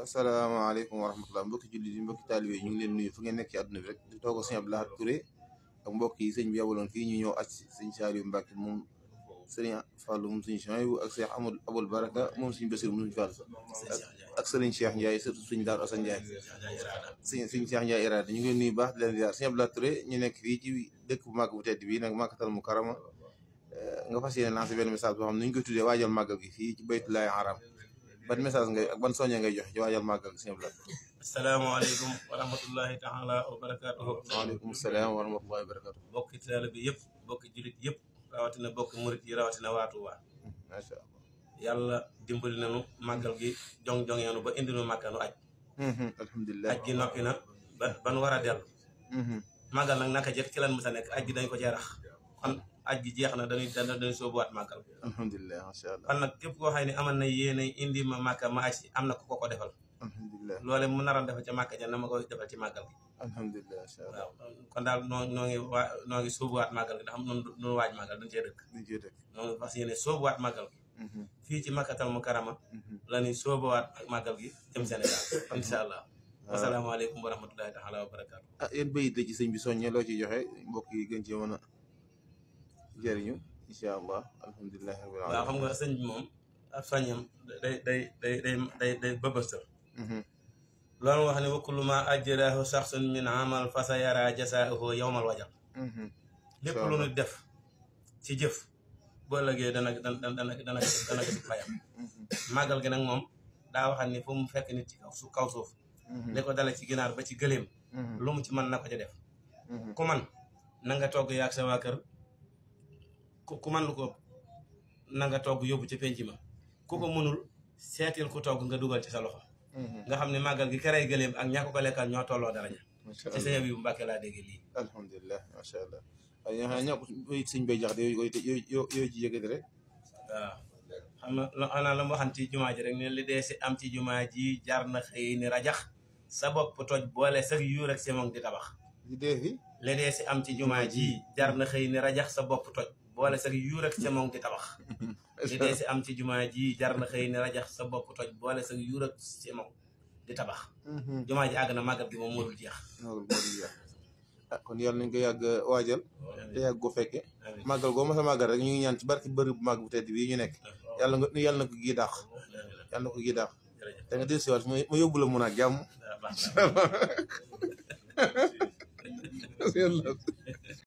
asalaamaaleykum wa rahmatulah mbokki jullit yi mbokki taalibe ñu ngi leen nuyu fu ngeen nekk ci àdduna bi rek di togo sëñ Abdou Touré ak mbokk yi sëñ bi yabaloon fii ñu ñëw acc sëñ Saliou Mbacke mom sëriñ Fallou mom sëñ Chouaïbou ak Cheikh Amadou Aboul Baraka mom sëñ Bassirou mom sëñ Fallou ak sëriñ Cheikh Ndiaye surtout sëñ dar Assane Ndiaye sëñ sëñ Cheikh Ndiaye irade ñu ngi leen nuyu baax di leen ziar sëñ Abdou Touré ñu nekk fi ci dëkk bu mag bu tedd bi nak nag Makkatal Mukarrama nga fas lancer ben message bo xam ne ñu koy tuddee waajal màggal gi fi ci Baytullahi Haram ban message ngay ak ban soññee ngay joxe ci waajal màggal gi sëñ Blaat. asalaamaaleykum wa taala wa barakaatuhu. waaleykum salaam wa rahmatullahi wa barakaatuhu. bokki taalibe bi yëpp bokki jullit yëpp rawatina bokki murit yi rawatina waa Touba. macha allah yàlla dimbali nañu gi jong jongeenu ba indi nu màggal nu aj. Mhm, alhamdulilah aj gi noppi na ba ban war a dellu. Mhm. màggal nag naka ci lan mës a nekk aj gi dañ ko cee aj gi jeex na dañuy dañuy soobuwaat màggal. alhamdulilah macha allah man ma ma am na ku ko ko defal. alhamdulilah loole mu naroon defal ca ma koy defal ci màggal gi. alhamdulilah macha allah waaw kon daal noo noo ngi waa noo ngi soobuwaat màggal gi ndax noonu waaj màggal duñ cee noonu parce que yéen soobuwaat màggal mhm. fii ci makkatal mu karama. Mhm. la ñuy soobuwaat ak màggal gi jëm Sénégal incha allah. waaw asalaamaaleykum wa rahmatulahi taala wa barakaatu. ah bayit la ci sëñ bi soññee loo ciy joxe mbokk yi jëriñu incha allah alhamdulilah rabbil alamin waaw xam nga sëñ bi fañam day day day day day day bëbëstal mhm. loolu wax ne wa kullu ma ajrahu saxsun min amal fa sa yara jasaahu yowmal wajal mhm. lépp lu nu def ci jëf boo ëllëgee dana dana dana dana dana gis fayam mhm. màggal gi nag moom daa waxal ni fu mu fekk nit ci kaw su kaw suuf li ko dale ci ginaar ba ci gëléem lu mu ci mën na ko def ku man na nga togg yaag sa waa kër ku man lu ko nanga toog yóbbu ci penc ma ku ko mënul seetil ku toog nga dugal ci sa loxo mhm. nga xam ne màggal gi karay gëléem ak ñàkk ko lekkal ñoo tolloo daraja ci laa dégg lii alhamdulilah ñaa ko sëñ bay jax de yooyu yooyu ci yëkkati rek la mu waxan ci jumaa si am ci jumaa ji jar na xëy rajax sa bopp toj boole sa yuur ak si moom di tabax li dee si am ci jumaa ji jar na xëy ni rajax sa bopp toj boole sa yu rek sa moom di tabax li dee si am ci jumaa ji jar na xëy ne rajax sa bopp toj boole sa yu rek sa moom di tabax mhm. jumaa ji àgg na màggat bi moom moo dul jeex ah kon yàlla nañ ko yàgg waajal te yàgg ko fekke màggal goo ma sa màggal rek ñu ngi ñaan ci barki bëri bu màgg bu tedd bii ñu nekk yàlla nga yàlla na ko gii daax yàlla na ko gii daax te nga del siwaat ma yóbbu la mun ak jàmm ah,